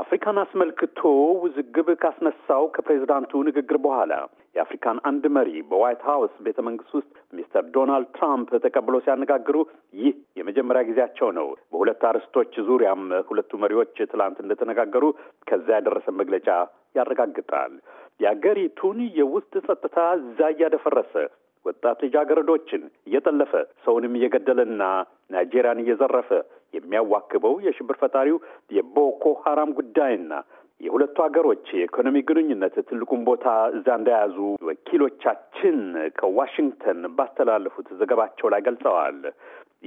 አፍሪካን አስመልክቶ ውዝግብ ካስነሳው ከፕሬዚዳንቱ ንግግር በኋላ የአፍሪካን አንድ መሪ በዋይት ሀውስ ቤተ መንግስት ውስጥ ሚስተር ዶናልድ ትራምፕ ተቀብሎ ሲያነጋግሩ ይህ የመጀመሪያ ጊዜያቸው ነው። በሁለት አርዕስቶች ዙሪያም ሁለቱ መሪዎች ትላንት እንደተነጋገሩ ከዚያ የደረሰ መግለጫ ያረጋግጣል። የአገሪቱን የውስጥ ጸጥታ እዛ እያደፈረሰ ወጣት ልጃገረዶችን እየጠለፈ ሰውንም እየገደለና ናይጄሪያን እየዘረፈ የሚያዋክበው የሽብር ፈጣሪው የቦኮ ሀራም ጉዳይና የሁለቱ ሀገሮች የኢኮኖሚ ግንኙነት ትልቁን ቦታ እዛ እንደያዙ ወኪሎቻችን ከዋሽንግተን ባስተላለፉት ዘገባቸው ላይ ገልጸዋል።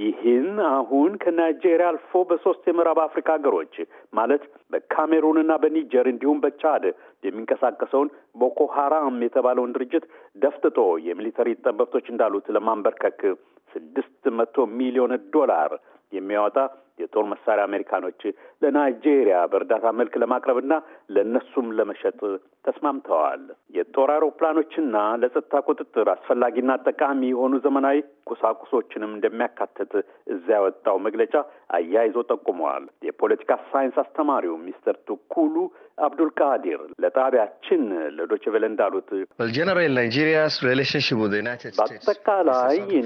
ይህን አሁን ከናይጄሪያ አልፎ በሶስት የምዕራብ አፍሪካ ሀገሮች ማለት በካሜሩንና በኒጀር እንዲሁም በቻድ የሚንቀሳቀሰውን ቦኮ ሀራም የተባለውን ድርጅት ደፍጥጦ የሚሊተሪ ጠበብቶች እንዳሉት ለማንበርከክ ስድስት መቶ ሚሊዮን ዶላር የሚያወጣ የጦር መሳሪያ አሜሪካኖች ለናይጄሪያ በእርዳታ መልክ ለማቅረብና ለእነሱም ለመሸጥ ተስማምተዋል። የጦር አውሮፕላኖችና ለጸጥታ ቁጥጥር አስፈላጊና ጠቃሚ የሆኑ ዘመናዊ ቁሳቁሶችንም እንደሚያካትት እዚያ ያወጣው መግለጫ አያይዞ ጠቁመዋል። የፖለቲካ ሳይንስ አስተማሪው ሚስተር ቱኩሉ አብዱል ቃዲር ለጣቢያችን ለዶችቨል እንዳሉት በአጠቃላይ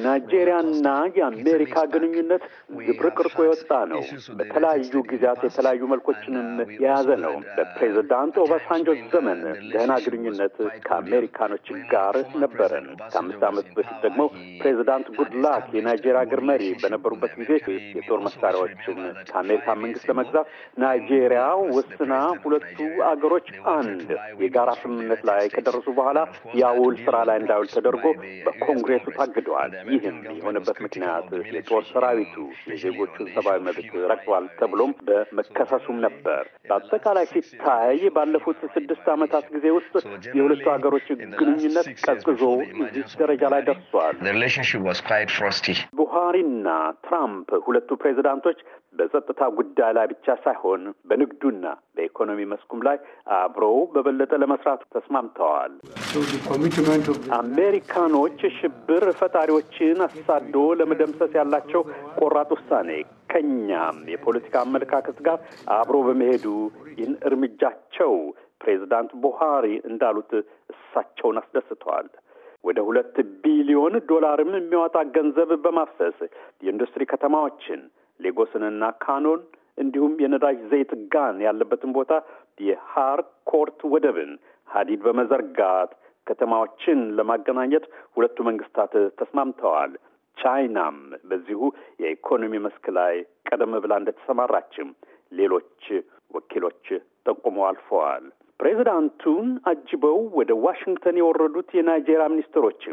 ናይጄሪያና የአሜሪካ ግንኙነት ዝብርቅርቁ የወጣ ነው። በተለያዩ ጊዜያት የተለያዩ መልኮችንም uh, የያዘ ነው። uh, በፕሬዚዳንት ኦባሳንጆ uh, ዘመን ደህና ግንኙነት ከአሜሪካኖች ጋር ነበረን። ከአምስት ዓመት በፊት ደግሞ ፕሬዚዳንት ጉድላክ የናይጄሪያ አገር መሪ በነበሩበት ጊዜ የጦር መሳሪያዎችን ከአሜሪካ መንግስት ለመግዛት ናይጄሪያ ወስና ሁለቱ አገሮች አንድ የጋራ ስምምነት ላይ ከደረሱ በኋላ የአውል ስራ ላይ እንዳይውል ተደርጎ በኮንግሬሱ ታግደዋል። ይህም የሆነበት ምክንያት የጦር ሰራዊቱ የዜጎቹን ሰብአዊ መብት ረግጧል ተብሎም በመከሰሱም ነበር። በአጠቃላይ ሲታይ ባለፉት ስድስት ዓመት ዓመታት ጊዜ ውስጥ የሁለቱ ሀገሮች ግንኙነት ቀዝቅዞ እዚህ ደረጃ ላይ ደርሷል። ቡሃሪና ትራምፕ ሁለቱ ፕሬዚዳንቶች በጸጥታ ጉዳይ ላይ ብቻ ሳይሆን በንግዱና በኢኮኖሚ መስኩም ላይ አብረው በበለጠ ለመስራት ተስማምተዋል። አሜሪካኖች ሽብር ፈጣሪዎችን አሳዶ ለመደምሰስ ያላቸው ቆራጥ ውሳኔ ከኛም የፖለቲካ አመለካከት ጋር አብሮ በመሄዱ ይህን እርምጃቸው ፕሬዚዳንት ቡሃሪ እንዳሉት እሳቸውን አስደስተዋል። ወደ ሁለት ቢሊዮን ዶላርም የሚያወጣ ገንዘብ በማፍሰስ የኢንዱስትሪ ከተማዎችን ሌጎስንና ካኖን እንዲሁም የነዳጅ ዘይት ጋን ያለበትን ቦታ የሃር ኮርት ወደብን ሀዲድ በመዘርጋት ከተማዎችን ለማገናኘት ሁለቱ መንግስታት ተስማምተዋል። ቻይናም በዚሁ የኢኮኖሚ መስክ ላይ ቀደም ብላ እንደተሰማራችም ሌሎች ወኪሎች ጠቁመው አልፈዋል። ፕሬዚዳንቱን አጅበው ወደ ዋሽንግተን የወረዱት የናይጄሪያ ሚኒስትሮች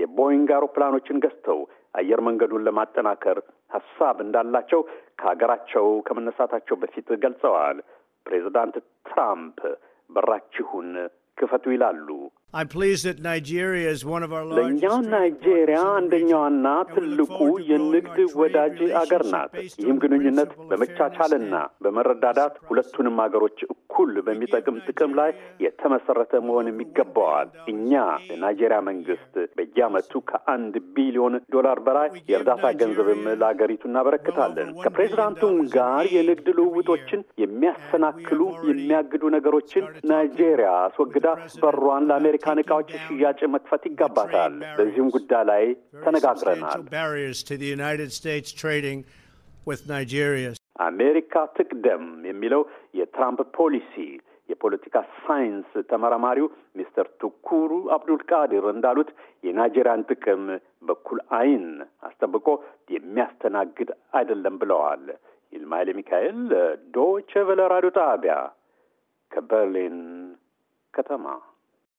የቦይንግ አውሮፕላኖችን ገዝተው አየር መንገዱን ለማጠናከር ሀሳብ እንዳላቸው ከሀገራቸው ከመነሳታቸው በፊት ገልጸዋል። ፕሬዚዳንት ትራምፕ በራችሁን ክፈቱ ይላሉ። ለእኛም ናይጄሪያ አንደኛዋና ትልቁ የንግድ ወዳጅ አገር ናት። ይህም ግንኙነት በመቻቻልና በመረዳዳት ሁለቱንም አገሮች እኩል በሚጠቅም ጥቅም ላይ የተመሰረተ መሆንም ይገባዋል። እኛ ለናይጄሪያ መንግስት በየዓመቱ ከአንድ ቢሊዮን ዶላር በላይ የእርዳታ ገንዘብም ለአገሪቱ እናበረክታለን። ከፕሬዚዳንቱም ጋር የንግድ ልውውጦችን የሚያሰናክሉ የሚያግዱ ነገሮችን ናይጄሪያ አስወግዳ በሯን ለአሜሪካ የአሜሪካን እቃዎች ሽያጭ መክፈት ይገባታል። በዚሁም ጉዳይ ላይ ተነጋግረናል። አሜሪካ ትቅደም የሚለው የትራምፕ ፖሊሲ የፖለቲካ ሳይንስ ተመራማሪው ሚስተር ቱኩሩ አብዱል ቃድር እንዳሉት የናይጄሪያን ጥቅም በኩል አይን አስጠብቆ የሚያስተናግድ አይደለም ብለዋል። ይልማ ኃይለ ሚካኤል ዶቼ ቬለ ራዲዮ ጣቢያ ከበርሊን ከተማ